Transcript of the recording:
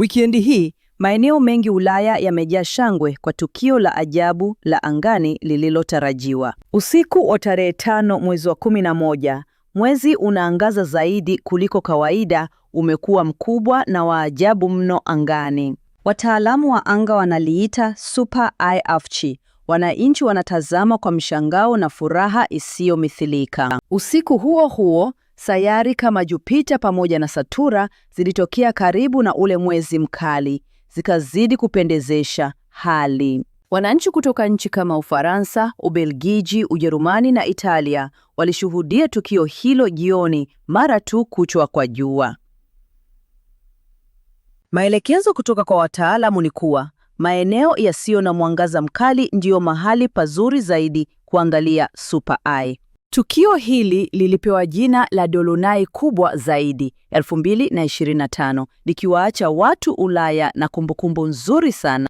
Wikendi hii maeneo mengi Ulaya yamejaa shangwe kwa tukio la ajabu la angani lililotarajiwa. Usiku wa tarehe tano mwezi wa kumi na moja, mwezi unaangaza zaidi kuliko kawaida, umekuwa mkubwa na wa ajabu mno angani. Wataalamu wa anga wanaliita Super Eye Afchi, Wananchi wanatazama kwa mshangao na furaha isiyomithilika. Usiku huo huo, sayari kama Jupita pamoja na Satura zilitokea karibu na ule mwezi mkali, zikazidi kupendezesha hali. Wananchi kutoka nchi kama Ufaransa, Ubelgiji, Ujerumani na Italia walishuhudia tukio hilo jioni mara tu kuchwa kwa jua. Maelekezo kutoka kwa wataalamu ni kuwa Maeneo yasiyo na mwangaza mkali ndiyo mahali pazuri zaidi kuangalia Super Eye. Tukio hili lilipewa jina la Dolonai kubwa zaidi 2025, likiwaacha watu Ulaya na kumbukumbu nzuri sana.